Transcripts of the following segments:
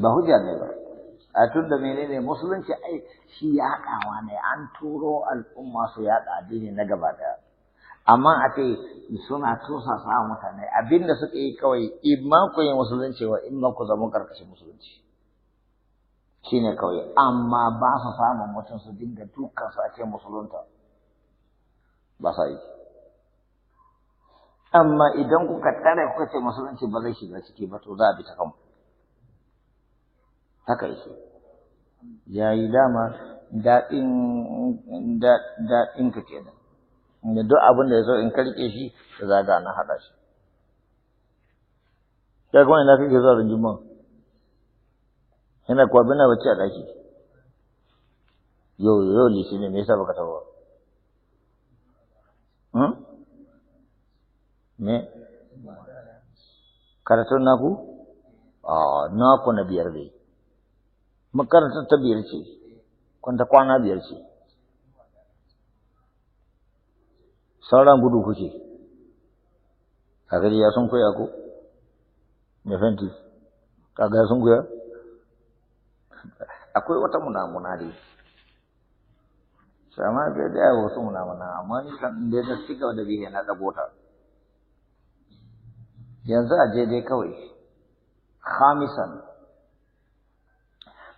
ba hujja ne ba a tun da menene musulunci ai shi yaɗawa ne an turo al'umma su yaɗa addini na gaba ɗaya amma a ce suna tusa sa mutane abinda suke yi kawai imma ku yi musulunci wa imma ku zama karkashin musulunci shine kawai amma ba su samun mutum su dinga dukkan su ake musulunta ba sa yi amma idan kuka tsare kuka ce musulunci ba zai shiga ciki ba to za a bi ta kanku haka yake ya yi dama daɗin ka ke nan da duk abin da ya zo in karke shi da zaga na haɗa shi ya kuma ina kake zuwa runduman yana kuwa bina bacci a ɗaki yau yau litinin me yasa baka taɓa ne karatun naku a naku na biyar dai makarantar ta biyar ce kwanta kwana biyar ce sauran gudu kuke kagari ya sun koya ko mai fenti kagari ya sun koya akwai wata munamuna dai sama ga da wasu munamuna amma ni kan da na cigaba da bihe na ɗago yanzu a dai kawai khamisan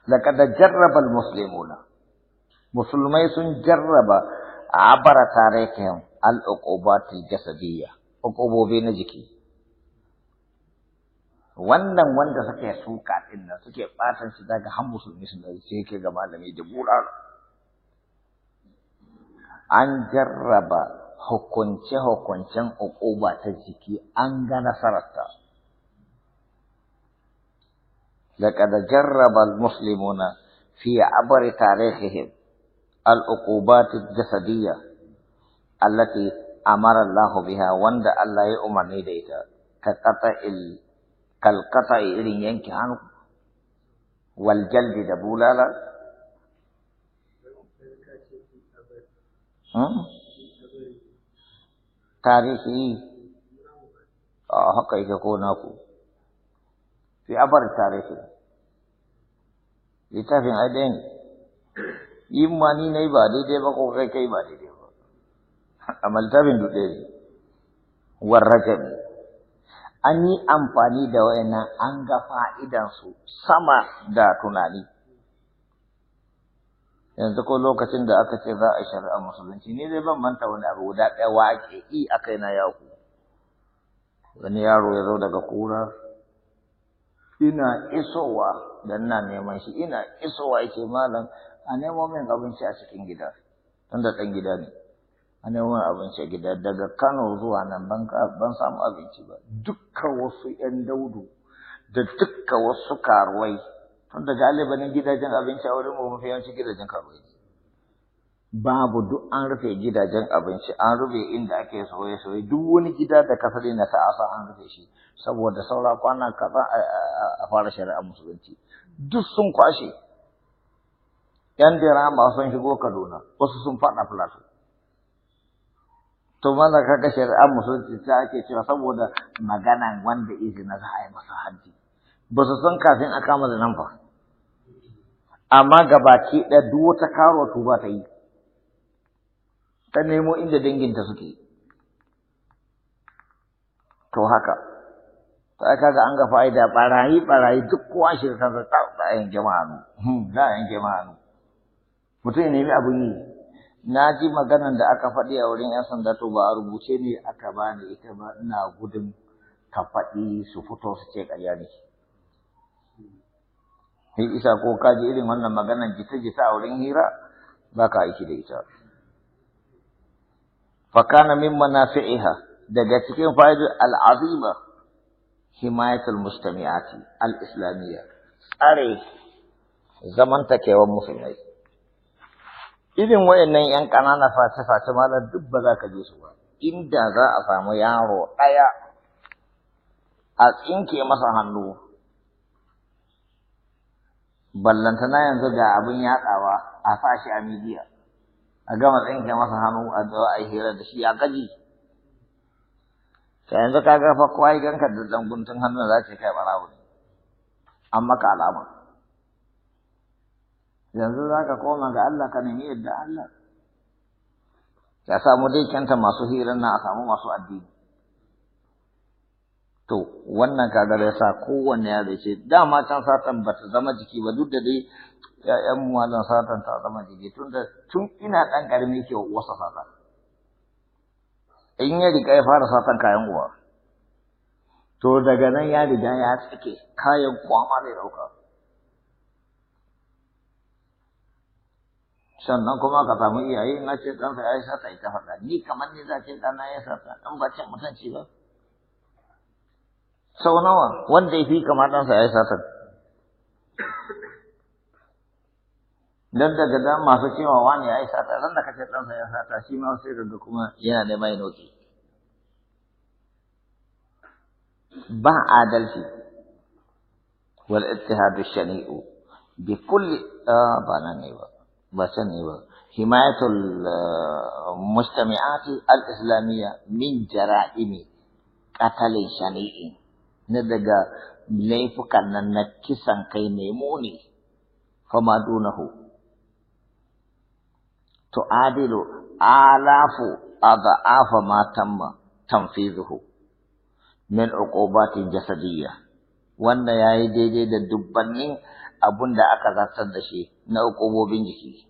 laqad jarraba almuslimuna musulmai sun jarraba abara tarekin al-uqubati jasadiyya uqubobi na jiki wannan wanda suke suka din nan suke batan shi daga han musulmi sun da sai yake ga malami da bulala an jarraba hukunce-hukuncen uquba ta jiki an ga nasararta. لقد جرب المسلمون في عبر تاريخهم العقوبات الجسدية التي أمر الله بها وند الله يؤمن إليها كقطع ال... كالقطع إلي ينكي عنه والجلد دبولالا tarihi a haka ita ko naku fi abar tarihi littafin Aden ne yin ma ni na yi ba daidai ba ko kai kai ba daidai ba amma littafin duɗe ne warrajabi an yi amfani da wayannan an ga fa'idansu sama da tunani yanzu ko lokacin da aka ce za a shari'a musulunci ne zai ban manta wani abu guda ɗaya Wa ake yi a kai na yaku wani yaro ya zo daga kura ina isowa dan na neman shi ina isowa yake malam a nemo min abinci a cikin gida da ɗan gida ne a nemo min abinci a gida daga Kano zuwa nan ban samu abinci ba dukkan wasu 'yan daudu da dukkan wasu karuwai da galibanin gidajen abinci a wurin mu mafi yawanci gidajen karuwai babu duk an rufe gidajen abinci an rufe inda ake soye soye duk wani gida da kasar na sa'asa an rufe shi saboda saura kwana kaza a fara shari'a musulunci duk sun kwashe yan dirama sun shigo kaduna wasu sun faɗa plateau to mana kaga shari'ar musulunci ta ake cewa saboda maganan wanda izina za a yi masa hajji ba su san kafin a kama zinan ba amma gabaki ɗaya duk wata karuwa ba ta yi ta nemo inda danginta suke to haka ta ga an ga fa'ida barayi barayi duk kowa shi san sa ta yan jama'a nu hmm, za yan jama'a nu mutum ya nemi abin yi na ji maganan da aka faɗi a wurin yan sanda to ba a rubuce ne aka bani ita ba ina gudun ka faɗi su fito su ce ƙarya ne هي إسا كوكا جيلين وانا مغانا جيتا جيتا أولين هيرا باكا إيشي دي إسا فكان من منافعها دقاتكين فائد العظيمة حماية المستمعات الإسلامية أري زمن تكيو مسلمي إذن وإن أن كان أنا فاتفة مالا دب ذاك جيسوا إن دا ذا أفامو يانرو أيا أذ إنكي مسا هنلو ballantana yanzu ga abin yaɗawa a fashi a midiya a gama tsinke masa hannu a zuwa a hira da shi ya gaji Ka yanzu ka ga fa kowa yi ganka da dan guntun hannu za ce kai wuri an maka alama yanzu za ka koma ga Allah ka nemi yadda Allah ya samu dai kyanta masu hirar na a samu masu addini to wannan kagar ya sa kowanne ya dace, ce dama can satan ba ta zama jiki ba duk da dai ƴaƴan malam satan ta zama jiki tun da tun ina ɗan ƙarami ke wasa satan in ya riga ya fara satan kayan uwa to daga nan ya riga ya tsake kayan kwama zai ɗauka sannan kuma ka samu iyaye na ce ɗansa ya sata ita faɗa ni kamar ni za ce ɗana ya sata ɗan ba ce mutunci ba sau nawa wanda ya fi kamar ɗansa ya yi satar don daga da masu cewa wani ya yi sata ran da kace ɗansa ya sata shi ma sai daga kuma yana da mai noki ba adalci wal ittihadu shani'u bi kulli ba nan ne ba ba san ne ba himayatul mustami'ati al-islamiyya min jara'imi qatalin shani'in na daga laifukan nan na kisan kai mai muni fama dunahu to adilu alafu adha'afa ma tamma tanfizuhu min uqubatin jasadiyya wanda yayi daidai da dubbannin abun da aka zartar da shi na uqubobin jiki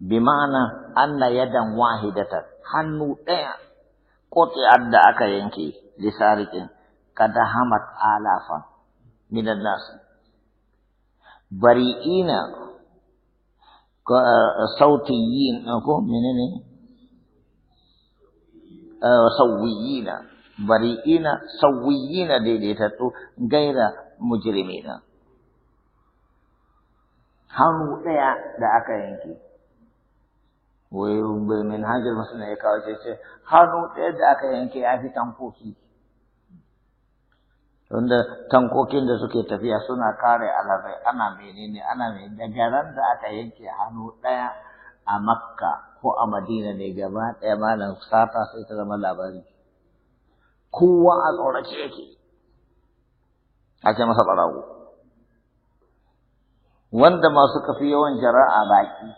bima'ana anna yadan wahidatan hannu ɗaya ƙotsiyar da aka yanke لسارق قد همت آلافا من الناس بريئين صوتيين أكو منين سويين بريئين سويين ديديتتو غير مجرمين هم ɗaya da aka yanke wai min hajjar masu ne ya kawo ce hannu ɗaya da aka yanke ya fi tankoki wanda tankokin da suke tafiya suna kare alabai ana menene ana mai daga ran da aka yanke hannu ɗaya a makka ko a madina ne gaba ɗaya malam sata sai ta zama labari kowa a tsorace yake Ake masa ɓarawo wanda masu kafi yawan jara'a baki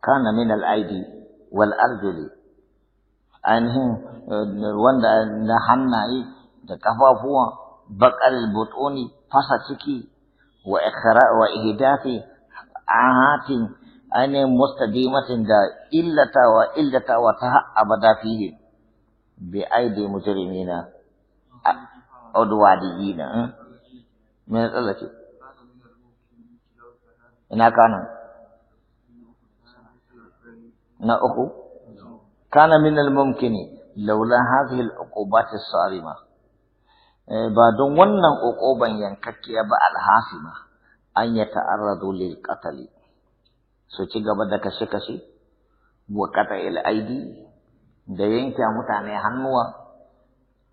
kana min al-aidi wal arjuli ainihin eh, wanda na hannaye da kafafuwa baƙal butoni fasa ciki wa ihdafi ahatin ainihin mustadimatin da illatawa illatawa ta abada fihi bi aidi mujrimina udwadiyina eh? me na tsallake ina kana na uku كان من الممكن لولا هذه العقوبات الصارمة إيه، بعد ونن عقوبا ينككي أبا الحاسمة أن يتعرضوا للقتل سوچي غبدا كشي كشي وقت الأيدي دين كامتاني هنوا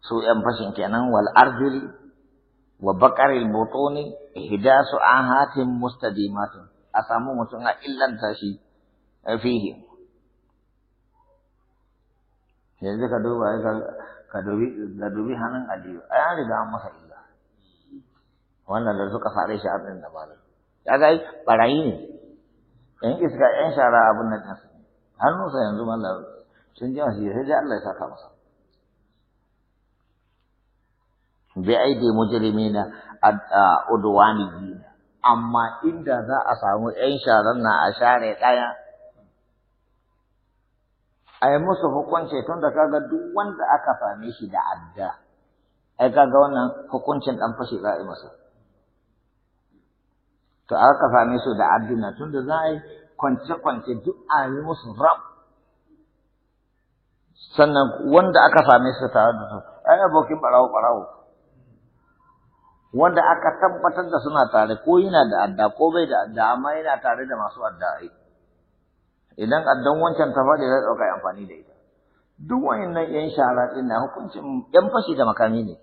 سو ينفشن كنن والأرجل وبكر البطون إهداس آهات مستديمات أسامو مسونا إلا تشي فيهم yanzu ka duba ka dubi ka dubi hannun aliyu ai an riga an masa illa wannan da suka fare shi abin da malam ya ga barayi ne yan iska yan shara abin nan ɗansu hannunsa yanzu malam sun ji masu sai da Allah ya saka masa bi aidi mujrimina udwaniyina amma inda za a samu yan sharan na a share ɗaya a yi musu hukunci tun da kaga duk wanda aka same shi da adda ai kaga wannan hukuncin dan fashi za a yi masa to aka same su da adduna tun da za a yi kwance-kwance duk a yi musu rab sannan wanda aka same su tare da su ai abokin barawo-barawo wanda aka tabbatar da suna tare ko yana da adda ko bai da adda amma yana tare da masu adda ai idan addan wancan ta faɗi zai ɗauka amfani da ita duk wayannan yan shara ɗin na hukuncin yan fashi da makami ne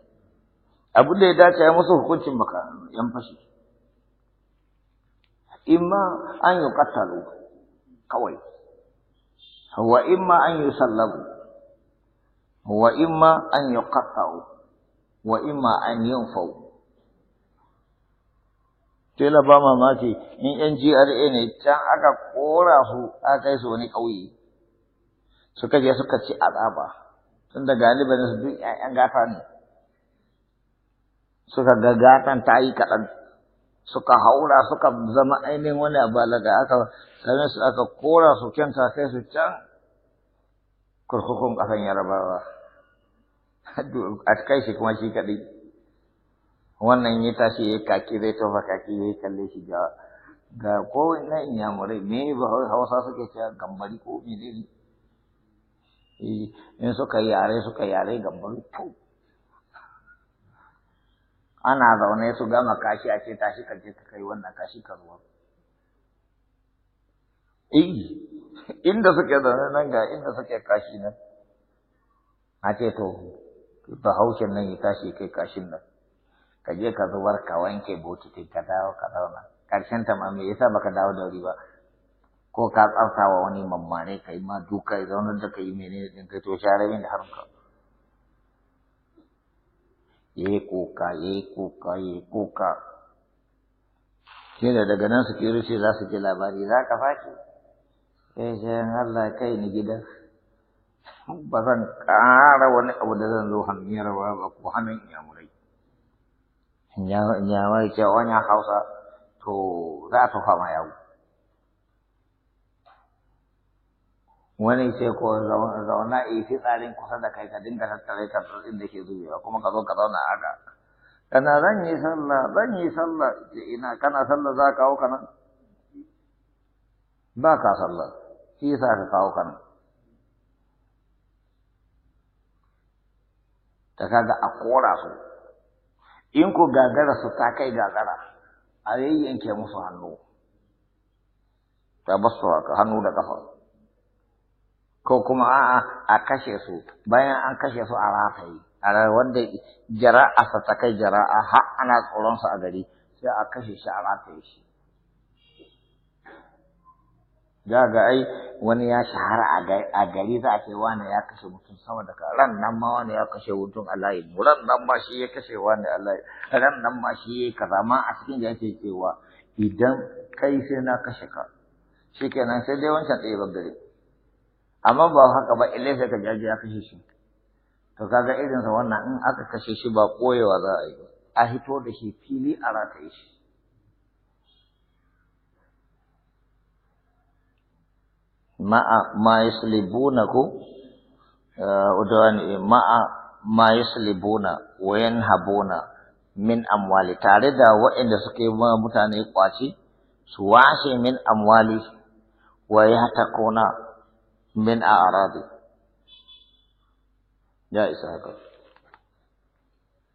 abin da ya dace ya musu hukuncin yan fashi imma an yi kattalo kawai wa imma an yi sallabu wa imma an yi kattau wa imma an yi fau na ba mamaki in yan GRA ne can aka kora su aka kai su wani ƙauye suka je suka ci azaba tun da galiban su duk ƴaƴan gata ne suka ga gatan ta yi kaɗan suka haura suka zama ainihin wani abalaga aka same su aka kora su kyanta kai su can kurkukun ƙasan yarabawa a kai shi kuma shi kaɗai wannan ya tashi ya kaki zai tofa kaki ya kalle shi ga ga kowai na inyamurai me ba hausa suke cewa gambari ko menene eh, in suka yare suka yare gambari to ana zaune su gama kashi a ce tashi ka ka kai wannan kashi ka zuwa eh, inda suke zaune nan ga inda suke kashi nan a ce to bahaushen nan ya tashi kai kashin nan ka je ka zubar ka wanke bokitin ka dawo ka zauna karshen ta ma me yasa baka dawo da wuri ba ko ka tsafta wa wani mammare ka ma duka ya zaunar da ka yi ne din kai to share min da harinka Ye kuka ye kuka ye kuka shi da daga nan su kiro sai za su ji labari za ka faki. sai sai Allah kai ni gida ba zan ƙara wani abu da zan zo hannun yarwa ba ko hannun yamurai nyawai ce wani hausa to za a tofa ma yawo wani ce ko zauna a yi tsarin kusa da kai ka dinga tattare tattarin da ke zubewa kuma ka zo ka zauna a haka kana zan yi sallah zan yi sallah ina kana sallah za ka kawo kana ba ka sallah shi yasa ka kawo kana ta kaga a kora su in ku gagara su ta kai gagara a yanke musu hannu ta basu hannu da kafa ko kuma a'a a kashe su bayan an kashe su a rataye a wanda jara'a sa ta kai jara'a har ana tsoron su a gari sai a kashe shi a rataye shi za ga ai wani ya shahara a gari za a ce wani ya kashe mutum sama da ran nan ma wani ya kashe mutum a layin ran nan ma shi ya kashe wani a layin ran nan ma shi ya kaza ma a cikin da yake cewa idan kai sai na kashe ka shi kenan sai dai wancan ɗaya bangare amma ba haka ba ilai sai ka jaji ya kashe shi to kaga irinsa wannan in aka kashe shi ba koyewa za a yi a hito da shi fili a rataye shi ma'a ma yaslibuna ma'a ma'islibuna eh, wayan habuna min amwali tare da waɗanda suke ma mutane kwaci su washe min amwali wa kona min a'radi ya isa haka